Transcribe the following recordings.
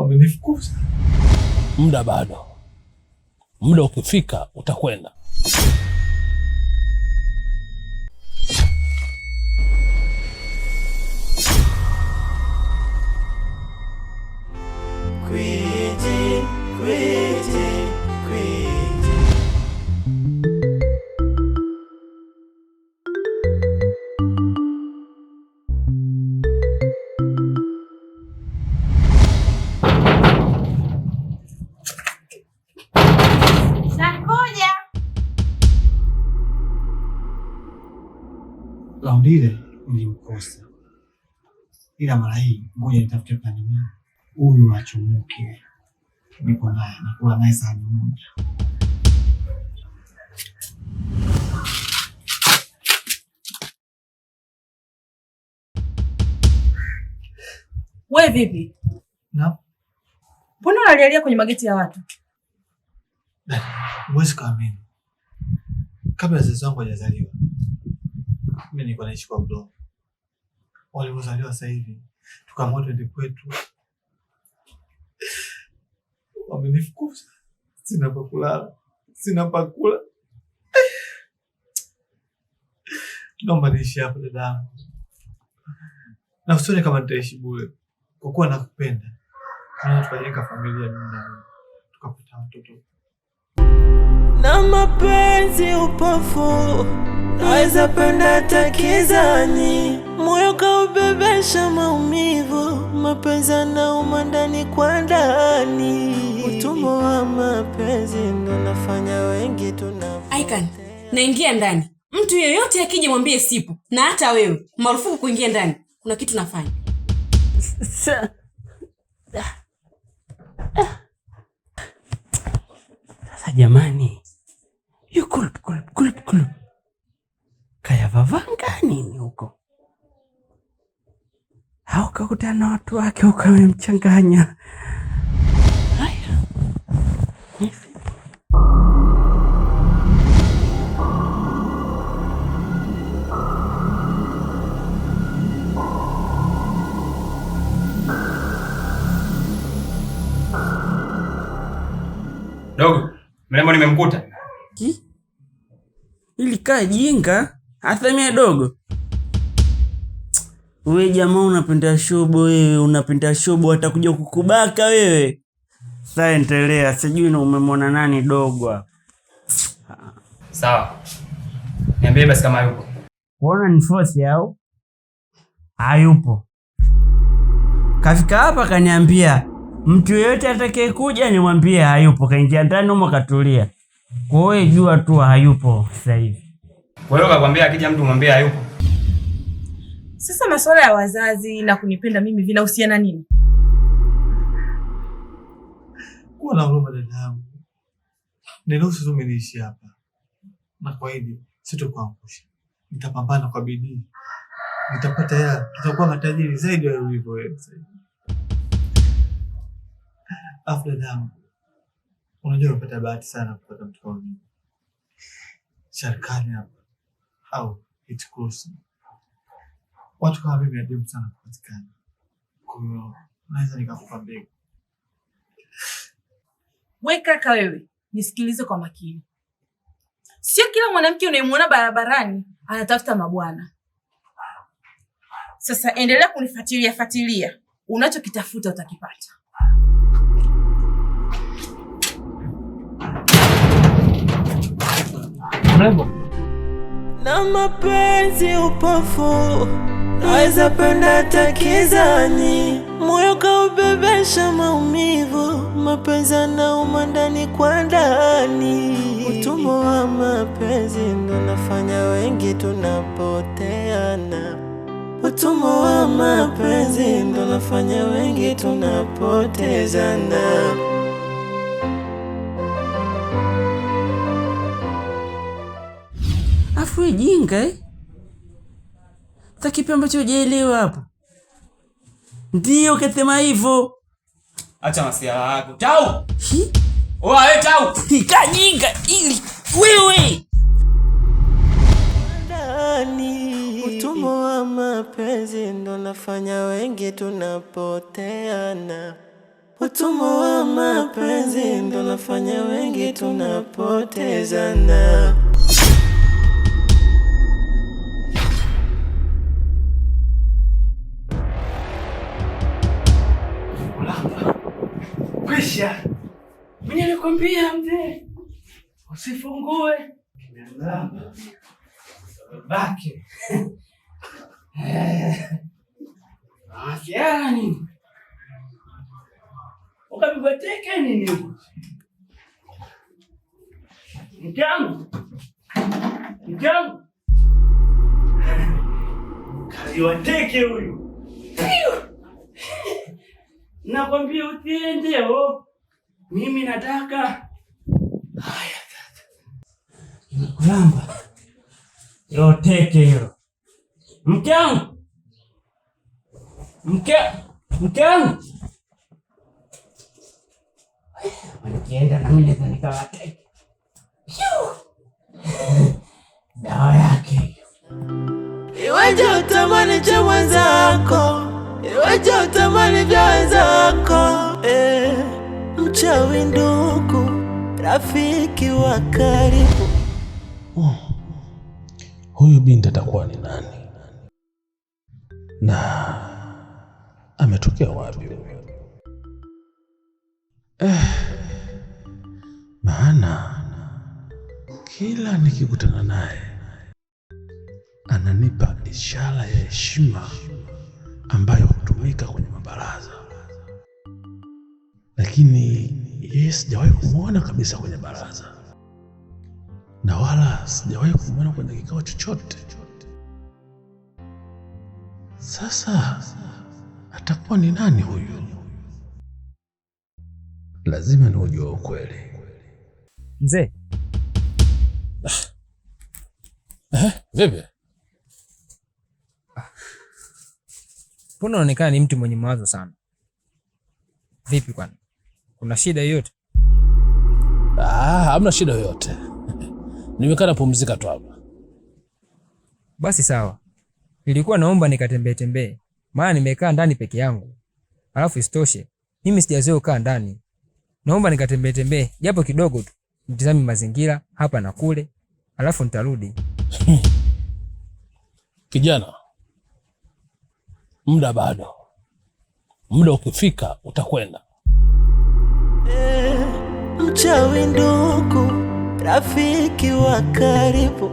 wamenifukuza. Muda bado, muda ukifika utakwenda. ila mara hii ngoja nitafute plani mimi huyu achomoke. Niko naye nakuwa naye saa moja. We vipi? Na Mbona unalialia kwenye mageti ya watu? Huwezi kuamini, kabla wazazi wangu hawajazaliwa mimi nilikuwa naishi kwa udongo walivyozaliwa sasa hivi, tukaamua twende kwetu. Wamenifukuza, sina pa kulala, sina pa kula. Naomba niishi hapa dadangu, na usione kama nitaishi bure, kwa kuwa nakupenda. Tukajenga familia mimi tukapata watoto na mapenzi upofu, naweza penda takizani, moyo kaubebesha maumivu, mapenzi anauma ndani kwa ndani, utumwa wa mapenzi ndo nafanya wengi tuna Aikan, naingia ndani. Mtu yeyote akija mwambie sipo, na hata wewe marufuku kuingia ndani. Kuna kitu nafanya sasa. Jamani, yukulup kulup kulup kulup, vavanga nini huko? Au watu wake ukamemchanganya. Haya, dogo mrembo nimemkuta Kaa jinga, athamia dogo. We jamaa unapenda shobo wewe, unapenda shobo atakuja kukubaka wewe. Sasa endelea, sijui na umemwona nani dogo hapa. Sawa. Niambie basi kama yupo. Unaona ni force au? Hayupo. Kafika hapa kaniambia mtu yeyote atakayekuja nimwambie hayupo, kaingia ndani humo katulia. Kwa hiyo jua tu hayupo sasa hivi. Kwa hiyo kakwambia, akija mtu mwambie hayupo. Sasa masuala ya wazazi na kunipenda mimi vinahusiana nini? Kuwa na huruma dada yangu, niruhusu tu niishi hapa, na kwa hivyo sitokuangusha. Nitapambana kwa bidii, nitapata hela, tutakuwa matajiri zaidi ya ulivyo wewe sasa. Afu dada yangu, unajua unapata bahati sana kupata mtoto wangu. Sharkani hapa au it's close. Watu kama mimi adimu sana kupatikana, kwa hiyo naweza nikakupa bega. We kaka, wewe nisikilize kwa makini. Sio kila mwanamke unayemwona barabarani anatafuta mabwana. Sasa endelea kunifuatilia fuatilia, unachokitafuta utakipata. Mrembo na mapenzi upofu, naweza penda takizani, moyo kaubebesha maumivu, mapenzi anauma ndani kwa ndani. Utumwa wa mapenzi ndo nafanya wengi tunapoteana, utumwa wa mapenzi ndo nafanya wengi tunapotezana. we jinga eh? Takipi ambacho hujaelewa hapo ndio ukasema hivyo. Acha masiala yako tau. Oa wewe eh, tau. Kajinga ili wewe ndani utumwa wa mapenzi ndo nafanya wengi tunapoteana. Utumwa wa mapenzi ndo nafanya wengi tunapotezana. Nilikwambia mzee usifungue bake asiana nini, ukapigwa teke nini? Mtangu, mtangu kaziwa teke huyu, nakwambia utiendeo oh. Mimi nataka haya kuramba yoteke hilo mke wangu mke mke wangu, nikienda nami naweza nikawateke. Dawa yake hiyo. Iweje utamani cha mwenzako, iweje utamani vya wenzako eh mchawi, ndugu, rafiki wa karibu. Hmm. Huyu binti atakuwa ni nani na ametokea wapi? Eh, maana kila nikikutana naye ananipa ishara ya heshima ambayo hutumika kwenye mabaraza lakini yeye sijawahi kumwona kabisa kwenye baraza na wala sijawahi kumwona kwenye kikao chochote. Sasa atakuwa ni nani huyu? Lazima ni ujua ukweli mzee. Ah, ah vipi? Ah. Mbona unaonekana ni mtu mwenye mawazo sana? Vipi kwani? Kuna shida yoyote? Ah, hamna shida yoyote. Nimekaa napumzika tu hapa. Basi sawa, nilikuwa naomba nikatembee tembee, maana nimekaa ndani peke yangu, alafu isitoshe mimi sijazoea kukaa ndani. Naomba nikatembee tembee japo kidogo tu, nitazame mazingira hapa na kule, alafu nitarudi. Kijana, muda bado, muda ukifika utakwenda mchawi, ndugu, rafiki wa karibu,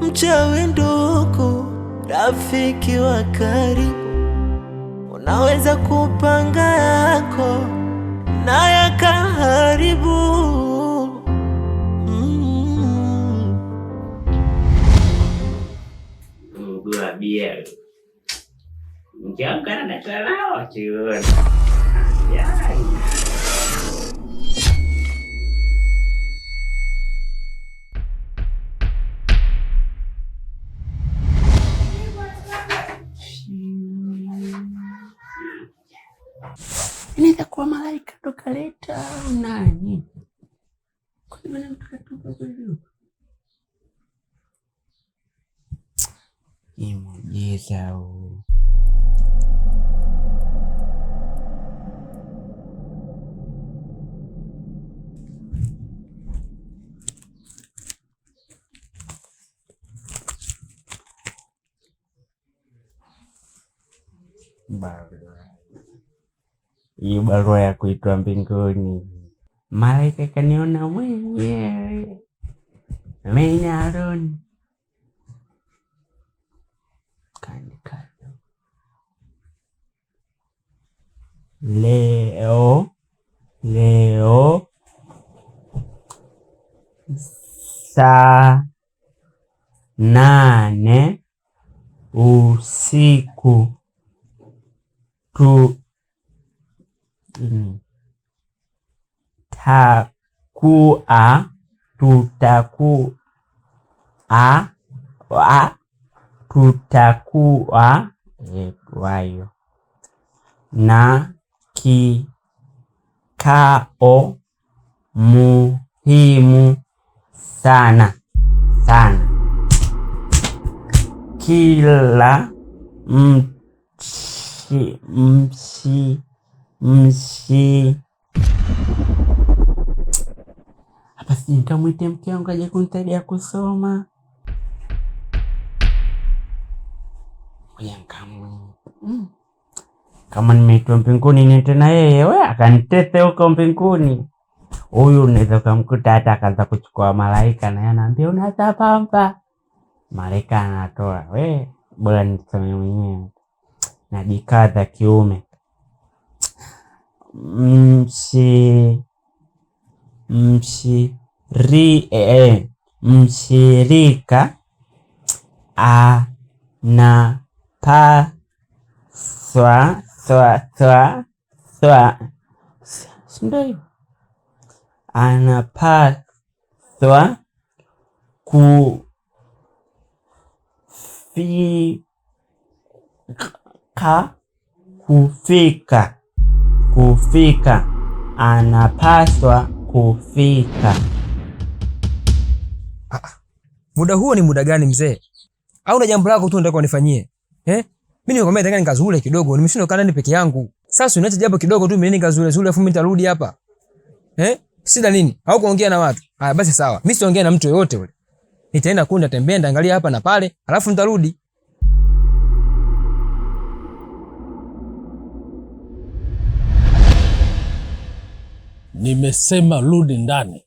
mchawi, ndugu, rafiki wa karibu, unaweza kupanga yako na yakaharibu. mkiamka na talao kiona inaweza kuwa malaika ndo kaleta nani? Ni muujiza huu. Baba hii barua ya kuitwa mbinguni. Malaika kaniona mwenyewe menya Aroni kanika leo leo saa nane usiku tu tutakuwa tutakuwa wa tutakuwa wayo na kikao muhimu sana sana. Kila msi mshi mshi basi nitamwitia mke wangu aje kunisaidia kusoma. Mm. Kama nimeitwa mbinguni niende na yeye, we akanitete huko mbinguni. Huyu unaweza ukamkuta hata akaanza kuchukua malaika, naye anaambia unatapamba, malaika anatoa. We bora nisome mwenyewe, najikaza kiume. mshi mshi ri, e, mshirika anapaswa anapaswa kufika kufika kufika anapaswa kufika Muda huo ni muda gani mzee? Au na jambo lako tu unataka unifanyie? Eh? Mimi nikwambia nataka nikazule kidogo, nimeshindwa kana ni peke yangu. Sasa unaacha jambo kidogo tu mimi nikazule zule afu mimi nitarudi hapa. Eh? Sida nini? Au kuongea na watu? Haya basi sawa. Mimi siongea na mtu yoyote yule. Nitaenda kunda tembea ndaangalia hapa na pale, alafu nitarudi. Nimesema rudi ndani.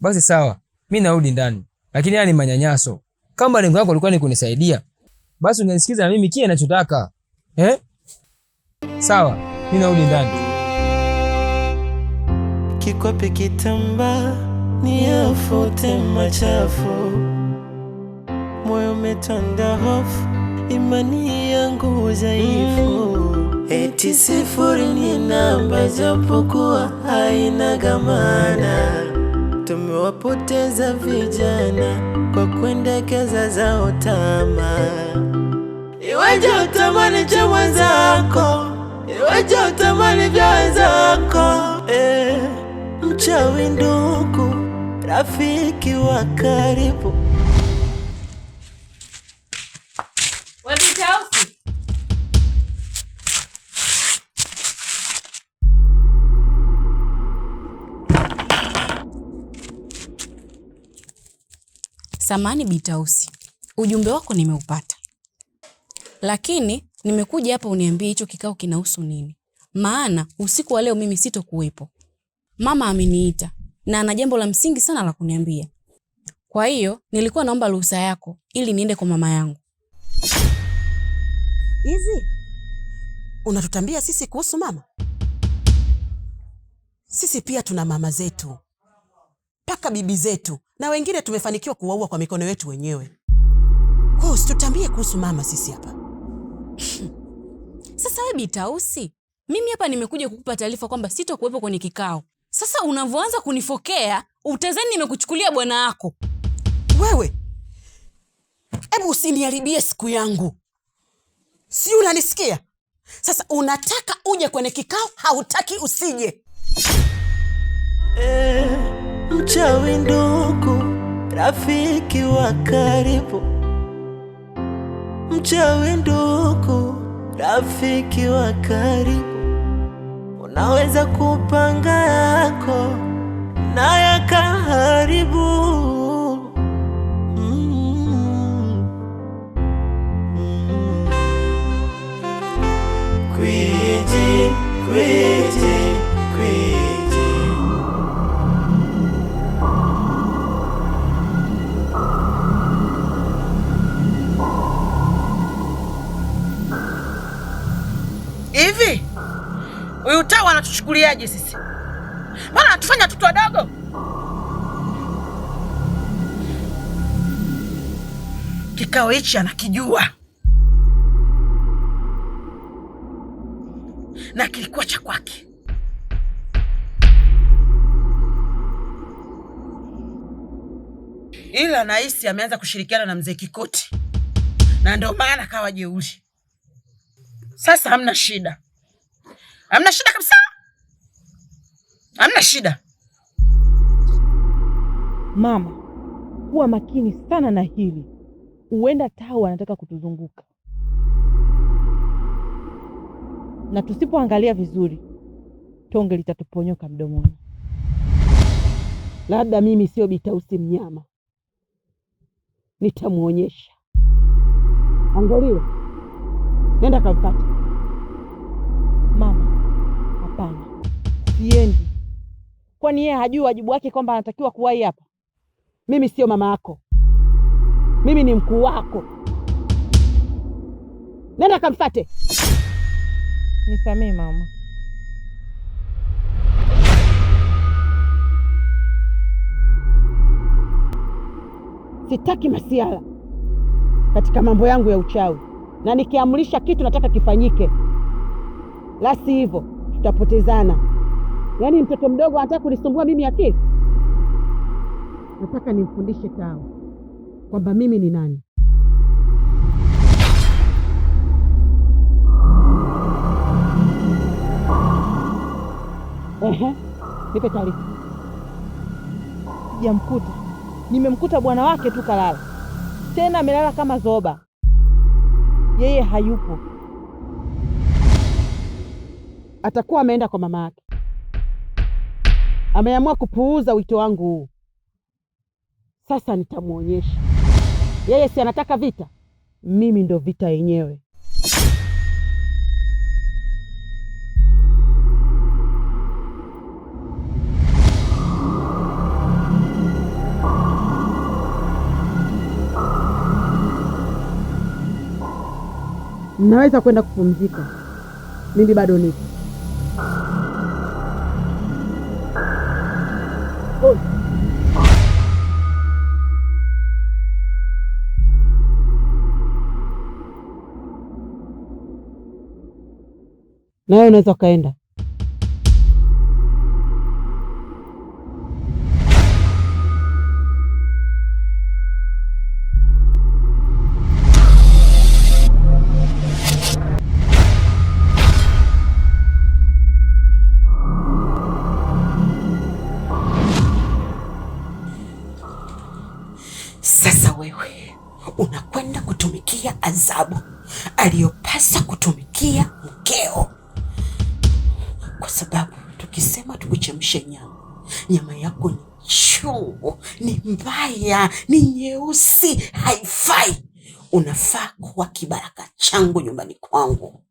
Basi sawa mi narudi ndani. Lakini haya ni manyanyaso. Kama lengo lako lilikuwa ni kunisaidia, basi ungenisikiza na mimi kile ninachotaka. Eh? Sawa, mi narudi ndani. Kikope kitamba ni afute machafu. Moyo umetanda hofu, imani yangu dhaifu. Eti sifuri ni namba japokuwa haina gamana tumewapoteza vijana kwa kuendekeza zao tamaa. Iwaje utamani cha mwenzako, iwaje utamani vya wenzako? E, eh, mchawi ndugu, rafiki wa karibu Samani Bitausi, ujumbe wako nimeupata, lakini nimekuja hapa uniambie hicho kikao kinahusu nini, maana usiku wa leo mimi sitokuwepo. Mama ameniita na ana jambo la msingi sana la kuniambia. Kwa hiyo nilikuwa naomba ruhusa yako ili niende kwa mama yangu. Hizi unatutambia sisi kuhusu mama? Sisi pia tuna mama zetu mpaka bibi zetu na wengine tumefanikiwa kuwaua kwa mikono yetu wenyewe. Kwa usitutambie kuhusu mama sisi hapa. Sasa we Bitausi, mimi hapa nimekuja kukupa taarifa kwamba sitokuwepo kwenye kikao. Sasa unavyoanza kunifokea utazani nimekuchukulia bwana wako wewe. Hebu usiniharibie siku yangu, si unanisikia? Sasa unataka uje kwenye kikao, hautaki usije. Eh mchawi, ndugu, rafiki wa karibu, mchawi, ndugu, rafiki wa karibu, unaweza kupanga yako na yakaharibu. Gwiji, mm. mm. gwiji Hivi huyu tawa anatuchukuliaje sisi? Mbona anatufanya watoto wadogo? Kikao hichi anakijua na kilikuwa cha kwake. Ila nahisi ameanza kushirikiana na mzee Kikoti na ndio maana kawa jeuri. Sasa hamna shida, hamna shida kabisa, hamna shida. Mama, kuwa makini sana na hili, huenda tau anataka kutuzunguka, na tusipoangalia vizuri tonge litatuponyoka mdomoni. Labda mimi sio Bitausi mnyama, nitamwonyesha. Angalia, nenda kampata. siendi. Kwani yeye hajui wajibu wake kwamba anatakiwa kuwahi hapa? Mimi sio mama yako, mimi ni mkuu wako. Nenda kamfate. Nisamee mama. Sitaki masiala katika mambo yangu ya uchawi, na nikiamrisha kitu nataka kifanyike, la sivyo tutapotezana. Yaani mtoto mdogo anataka kunisumbua mimi akili? Nataka nimfundishe Tao kwamba mimi ni nani. Ehe, nipe taarifa. Sijamkuta, nimemkuta bwana wake tu kalala, tena amelala kama zoba, yeye hayupo, atakuwa ameenda kwa mama yake ameamua kupuuza wito wangu huu. Sasa nitamwonyesha yeye, si anataka vita, mimi ndo vita yenyewe. Naweza kwenda kupumzika, mimi bado nipo. Ôi. Na wewe unaweza ukaenda mbaya, ni nyeusi, haifai. Unafaa kuwa kibaraka changu nyumbani kwangu.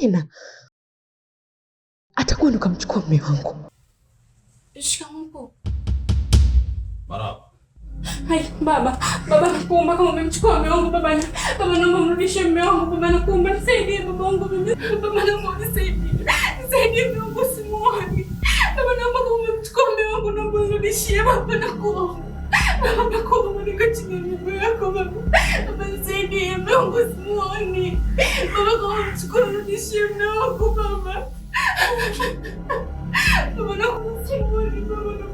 tena atakuwa nikamchukua mume wangu. Shikamoo baba. Baba nakuomba, kama umemchukua mume wangu baba, baba naomba mrudishe mume wangu baba, nakuomba nisaidie baba wangu mimi, baba naomba nisaidie, nisaidie mume wangu simuoni, baba naomba, kama umemchukua mume wangu naomba mrudishie baba, nakuomba Labda kwa Monica chini ya miguu yako baba. Baba nisaidie, Mungu simuoni. Baba kwa mchukue nishie mna wangu baba. Baba na kumsimuoni baba na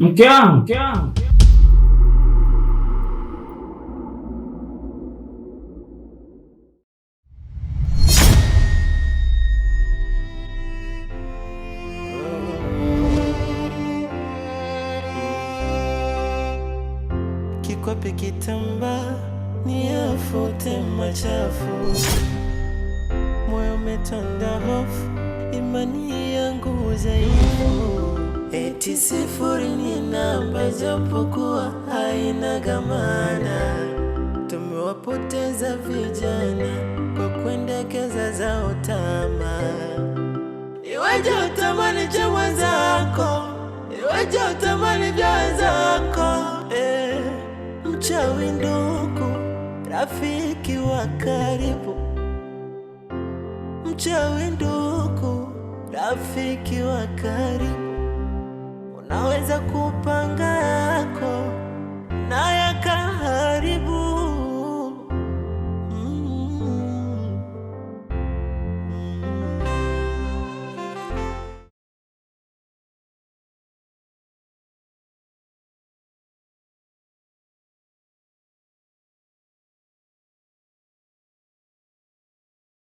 Mke wangu, mke wangu. Wacha utamani cha mwenzako, wacha utamani vya wenzako. Eh, mchawi ndugu, rafiki wa karibu, mchawi ndugu, rafiki wa karibu, unaweza kupanga yako